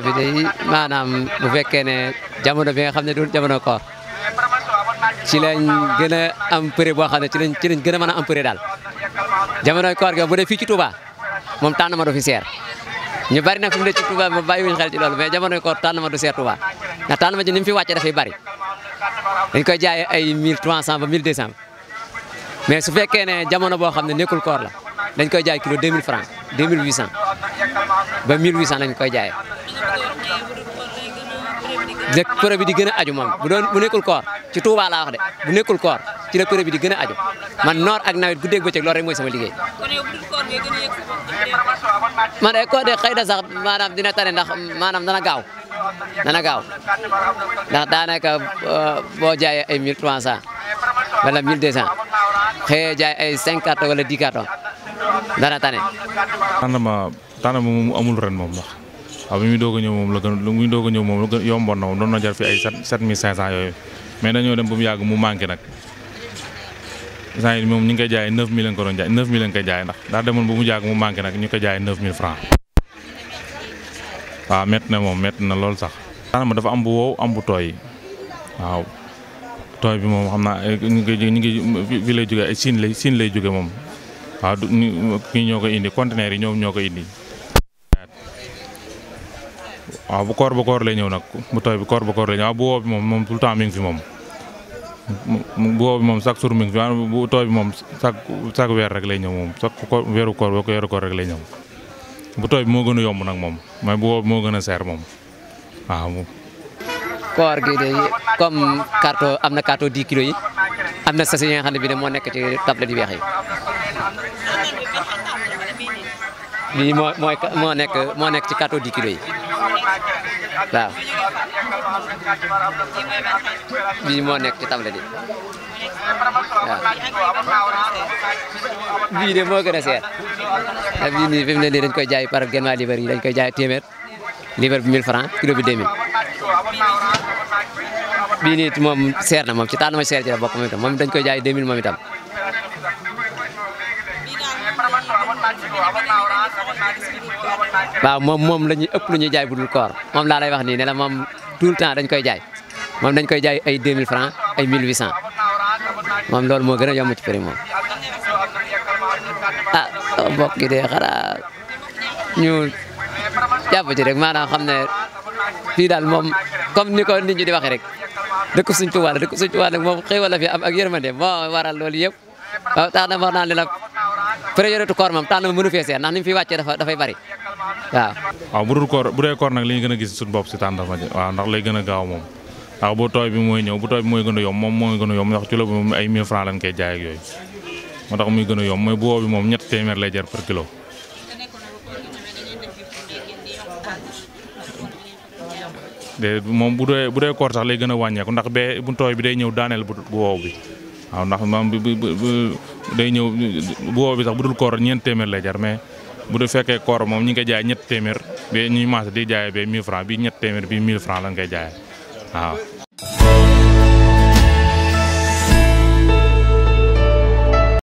traitement bi day maanaam bu fekkee ne jamono bi nga xam ne du jamono koor ci lañ gën a am boo xam ne ci lañ ci lañ gën a mën am prix daal jamono koor gi bu dee fii ci Touba moom tànn ma du fi seer ñu bari nag fi mu ne ci Touba moom bàyyiwuñ xel ci loolu mais jamono koor tànn ma du seer Touba ndax tànn ma ji ni mu fi wàccee dafay bari dañ koy jaayee ay 1300 ba 1200 mais su fekkee ne jamono boo xam ne nekkul koor la dañ koy jaay kilo 2000 francs 2800 ba 1800 lañ koy jaayee. nekk prix bi di gën a aju moom bu doon nekkul koor ci Touba laa wax de bu nekkul koor ci la prix bi di gën a aju man noor ak nawet guddeeg bëccëg loolu loor mooy sama liggéey. man de koo de xëy na sax maanaam dina tane ndax maanaam dana gaaw dana gaaw ndax daanaka euh, boo jaayee ay 1300 wala 1200 xëy jaay ay 5 cartons wala 10 cartons dana tane. tànn moom amul ren moom ndax waaw bi muy doog ñëw moom la gën lu muy a ñëw moom la gën na moom doon na jar fi ay sept sept mille cinq cent yooyu mais dañoo dem ba mu yàgg mu manqué nag moom ñu ngi koy jaayee neuf lañ ko doon jaay neuf mille lañ koy jaayee ndax daa demoon ba mu yàgg mu manqué nag ñu koy jaayee neuf mille francs waaw métti na moom métti na lool sax. tànn dafa am bu wow am bu tooy waaw tooy bi moom xam naa eh, ñu ngi lay jógee ay siin lay lay jógee moom waaw du kii ñoo koy indi conteneur yi ñoom ñoo ko indi. waaw bu koor ba koor lay ñëw nag bu tooy bi koor ba koor lay ñëw waaw bu woo bi moom moom tout le temps mi ngi fi moom bu woo moom chaque jour mi ngi fi bi moom chaque chaque weer rek lay ñëw moom chaque ko weeru koor boo ko weeru koor rek lay ñëw bu tooy bi moo gën a yomb nag moom mais bu woo moo gën a seer moom waaw. koor gi de comme carton am na carton 10 kilos yi am na sachet yi nga xam ne bii de moo nekk ci tablette yu weex yi. bii moo mooy moo nekk moo nekk ci carton 10 kilos yi. waaw bii moo nekk ci tablette yi waaw bii de moo gën a seer te bii nii fi ne nii dañ koy jaay par genn waa liibar yi dañ koy jaay téeméer liibar bi 1000 francs kilo bi 2000 bii nii moom seer na moom ci taal ma seer ci la bokk moom itam moom dañ koy jaay 2000 moom itam waaw moom moom la ñuy ëpp lu ñuy jaay budul koor moom laa lay wax nii ne moom tout le temps dañ koy jaay moom dañ koy jaay ay 2000 francs ay 1800 moom loolu moo gën a yomb ci prix moom. ah mbokk yi de xanaa ñu jàpp ci rek maanaam xam ne fii daal moom comme ni ko nit ñu di waxee rek dëkk suñ Tuubaa la dëkk suñ Tuubaa nag moom xéewal la fi am ak yërmande moo waral loolu yëpp waaw tax na wax naa ne la. période koor moom tànn mënu fee seet ndax ni mu fi wàccee dafay bari waaw. waaw bu dul koor bu dee koor nag li ñu gën a gis suñu bopp si tàndafa ji waaw ndax lay gën a gaaw moom waaw bu tooy bi mooy ñëw bu tooy mooy gën a moom mooy gën a yomb ndax kilo bi moom ay 1000 francs gën a yomb mooy bu bi moom ñett téeméer lay jar par kilo. de moom bu dee bu dee koor sax lay gën a wàññeeku ndax bee bu tooy bi day ñëw daaneel bu wow bi. waaw ndax maam bi bu day ñëw bu wow bi sax bu dul koor ñeent téeméer lay jar mais bu du fekkee koor moom ñi ngi koy jaay ñett téeméer ba ñuy maase di jaay ba 1000 francs bi ñett téeméer bi 1000 francs lañ koy jaay waaw